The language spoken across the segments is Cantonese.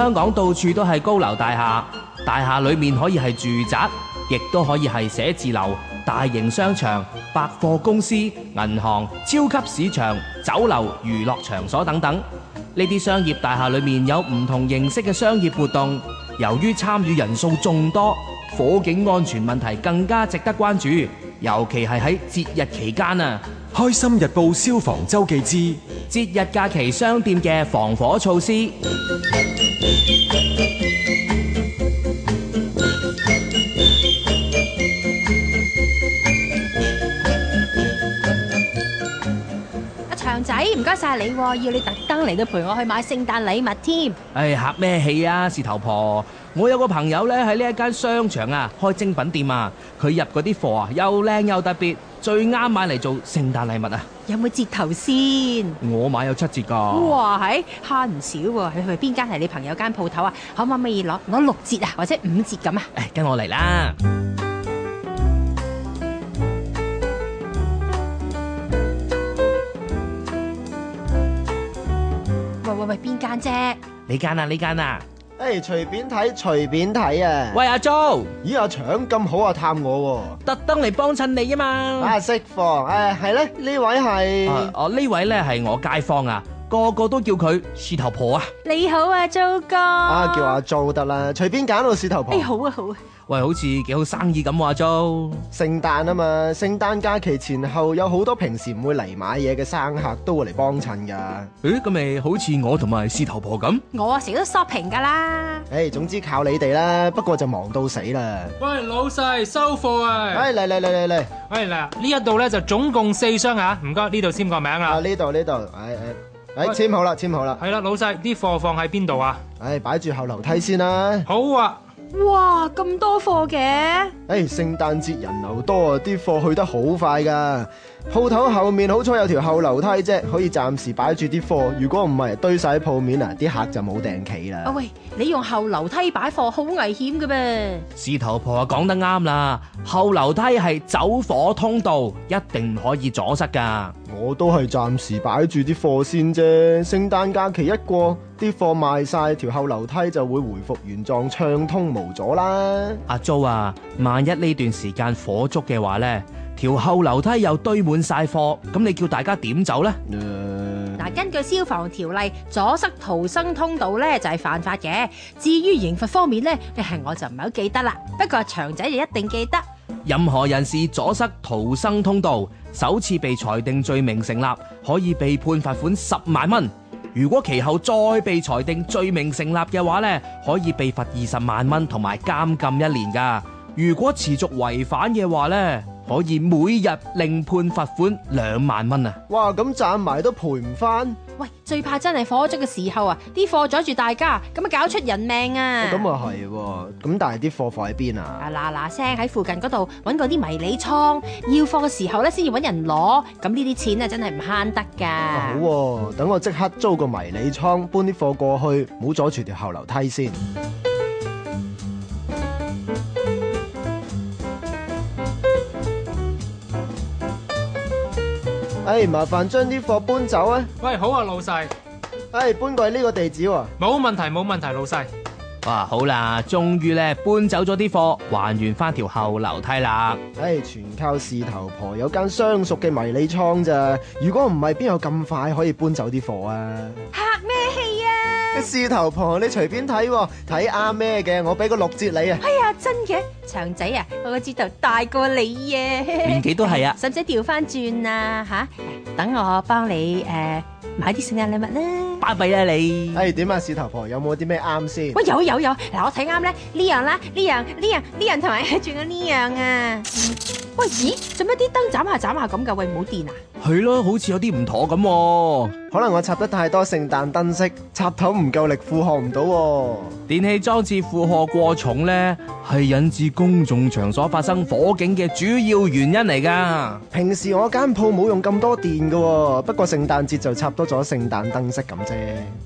香港到處都係高樓大廈，大廈裏面可以係住宅，亦都可以係寫字樓、大型商場、百貨公司、銀行、超級市場、酒樓、娛樂場所等等。呢啲商業大廈裏面有唔同形式嘅商業活動，由於參與人數眾多，火警安全問題更加值得關注。尤其係喺節日期間啊，《開心日報》消防週記之節日假期商店嘅防火措施。 強仔，唔該晒你，要你特登嚟到陪我去買聖誕禮物添。唉、哎，客咩氣啊，事頭婆。我有個朋友咧，喺呢一間商場啊開精品店啊，佢入嗰啲貨啊又靚又特別，最啱買嚟做聖誕禮物啊。有冇折頭先？我買有七折噶。哇，喺慳唔少喎，啊。你去邊間係你朋友間鋪頭啊？可唔可以攞攞六折啊，或者五折咁啊？誒、哎，跟我嚟啦。只你間啊，你間啊，誒、hey，隨便睇，隨便睇啊！喂，阿周，咦，阿強咁好啊，探我，特登嚟幫襯你啊嘛、啊！啊，識貨，誒，係咧、啊，啊、位呢位係，哦，呢位咧係我街坊啊。個個都叫佢獅頭婆啊！你好啊，租哥啊，叫阿租得啦，隨便揀個獅頭婆。哎，好啊，好啊，喂，好似幾好生意咁話？租聖誕啊嘛，聖誕假期前後有好多平時唔會嚟買嘢嘅生客都會嚟幫襯噶。誒，咁咪好似我同埋獅頭婆咁，我啊，成日都 shopping 噶啦。誒，總之靠你哋啦，不過就忙到死啦。喂，老細收貨啊！哎，嚟嚟嚟嚟嚟，哎嗱，呢一度咧就總共四箱啊，唔該，呢度簽個名啊，呢度呢度，哎哎。誒，簽、哎、好啦，簽、哎、好啦。係啦、哎，老細，啲貨放喺邊度啊？誒、哎，擺住後樓梯先啦、啊。好啊，哇，咁多貨嘅。誒、哎，聖誕節人流多，啊，啲貨去得好快噶。鋪頭後面好彩有條後樓梯啫，可以暫時擺住啲貨。如果唔係，堆晒喺鋪面啊，啲客就冇定企啦。啊喂，你用後樓梯擺貨好危險嘅噃。事頭婆啊，講得啱啦，後樓梯係走火通道，一定唔可以阻塞噶。我都係暫時擺住啲貨先啫。聖誕假期一過，啲貨賣晒，條後樓梯就會回復原狀，暢通無阻啦。阿 Joe 啊，萬一呢段時間火燭嘅話呢。條後樓梯又堆滿晒貨，咁你叫大家點走呢？嗱、嗯，根據消防條例，阻塞逃生通道咧就係犯法嘅。至於刑罰方面咧，係我就唔係好記得啦。不過長仔就一定記得。任何人士阻塞逃生通道，首次被裁定罪名成立，可以被判罰款十萬蚊。如果其後再被裁定罪名成立嘅話咧，可以被罰二十萬蚊，同埋監禁一年噶。如果持續違反嘅話咧，可以每日另判罰款兩萬蚊啊！哇，咁賺埋都賠唔返。喂，最怕真係火燭嘅時候啊，啲貨阻住大家，咁啊搞出人命啊！咁啊係，咁但係啲貨放喺邊啊？啊嗱嗱聲喺附近嗰度揾嗰啲迷你倉，要貨嘅時候咧先要揾人攞，咁呢啲錢啊真係唔慳得噶、嗯。好啊，等我即刻租個迷你倉，搬啲貨過去，唔好阻住條後樓梯先。唉、哎，麻煩將啲貨搬走啊！喂，好啊，老細。唉、哎，搬過嚟呢個地址喎、啊。冇問題，冇問題，老細。哇，好啦，終於咧搬走咗啲貨，還原翻條後樓梯啦。唉、哎，全靠事頭婆有間相熟嘅迷你倉咋。如果唔係，邊有咁快可以搬走啲貨啊？士頭婆，你隨便睇、哦，睇啱咩嘅，我俾個六折你啊！哎呀，真嘅，長仔啊，我個折頭大過你耶！年紀都係啊，使唔使調翻轉啊？吓、啊啊，等我幫你誒買啲聖誕禮物啦！巴閉啦你！呃啊、你哎，點啊？士頭婆有冇啲咩啱先？喂，有、啊、有、啊、有、啊，嗱，我睇啱咧呢樣啦，呢樣呢樣呢樣同埋轉緊呢樣啊，樣樣樣樣啊，啊，樣啊、嗯！喂，咦，做咩啲燈眨下眨下咁噶？喂，冇電啊！係咯，好似有啲唔妥咁。可能我插得太多聖誕燈飾，插頭唔夠力，負荷唔到。電器裝置負荷過重呢，係引致公眾場所發生火警嘅主要原因嚟噶。平時我間鋪冇用咁多電噶，不過聖誕節就插多咗聖誕燈飾咁啫。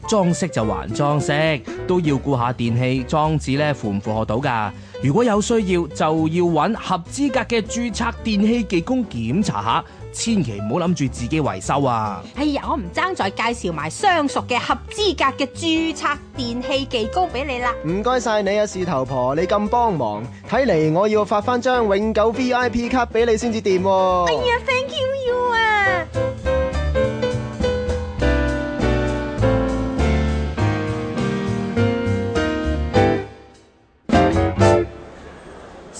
裝飾就還裝飾，都要顧下電器裝置呢負唔負荷到噶。如果有需要，就要揾合資格嘅注冊電器技工檢查下。千祈唔好諗住自己維修啊！哎呀，我唔爭再介紹埋相熟嘅合資格嘅註冊電器技工俾你啦。唔該晒你啊，事頭婆，你咁幫忙，睇嚟，我要發翻張永久 VIP 卡，俾你先至掂。哎呀，Thank you you。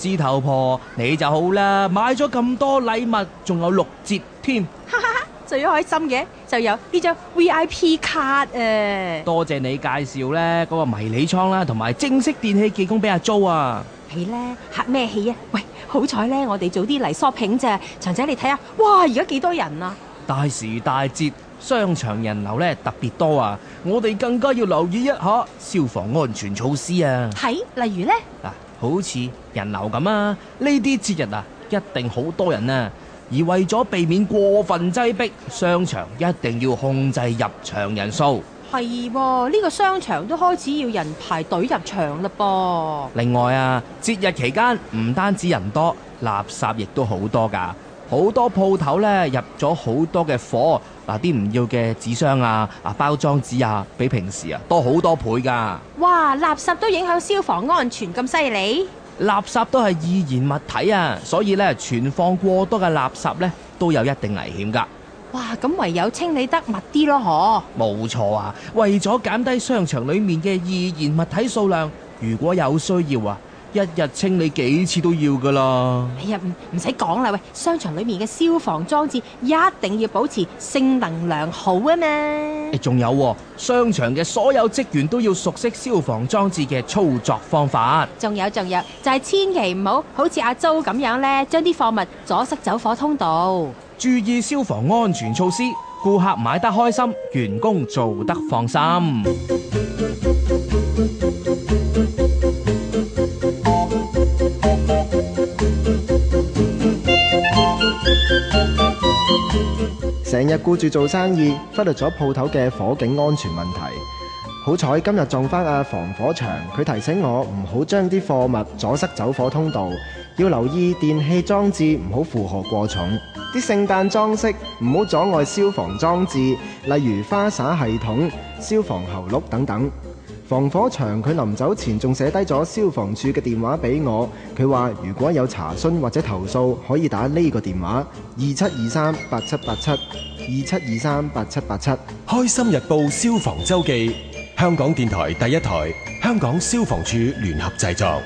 師頭婆，你就好啦！買咗咁多禮物，仲有六折添，哈哈哈，最開心嘅就有呢張 V I P 卡啊！呃、多謝你介紹咧，嗰個迷你倉啦，同埋正式電器技工俾阿租啊，係咧客咩氣啊？喂，好彩咧，我哋早啲嚟 shopping 啫。陳仔，你睇下，哇，而家幾多人啊？大時大節商場人流咧特別多啊，我哋更加要留意一下消防安全措施啊。係，例如咧啊，好似。人流咁啊，呢啲節日啊，一定好多人啊。而為咗避免過分擠逼，商場一定要控制入場人數。係喎，呢個商場都開始要人排隊入場啦噃。另外啊，節日期間唔單止人多，垃圾亦都好多噶。好多鋪頭呢，入咗好多嘅貨嗱，啲唔要嘅紙箱啊啊包裝紙啊，比平時啊多好多倍噶。哇！垃圾都影響消防安全咁犀利？垃圾都係易燃物體啊，所以咧，存放過多嘅垃圾咧，都有一定危險噶。哇，咁唯有清理得密啲咯嗬。冇錯啊，為咗減低商場裏面嘅易燃物體數量，如果有需要啊。一日清理幾次都要噶啦。哎呀，唔唔使講啦。喂，商場裏面嘅消防裝置一定要保持性能良好啊嘛。仲有喎，商場嘅所有職員都要熟悉消防裝置嘅操作方法。仲有，仲有，就係千祈唔好好似阿周咁樣呢，將啲貨物阻塞走火通道。注意消防安全措施，顧客買得開心，員工做得放心。成日顧住做生意，忽略咗鋪頭嘅火警安全問題。好彩今日撞翻阿、啊、防火牆，佢提醒我唔好將啲貨物阻塞走火通道，要留意電器裝置唔好負荷過重，啲聖誕裝飾唔好阻礙消防裝置，例如花灑系統、消防喉轆等等。防火牆，佢臨走前仲寫低咗消防處嘅電話俾我，佢話如果有查詢或者投訴可以打呢個電話，二七二三八七八七二七二三八七八七。87 87, 87 87《開心日報消防周記》，香港電台第一台，香港消防處聯合製作。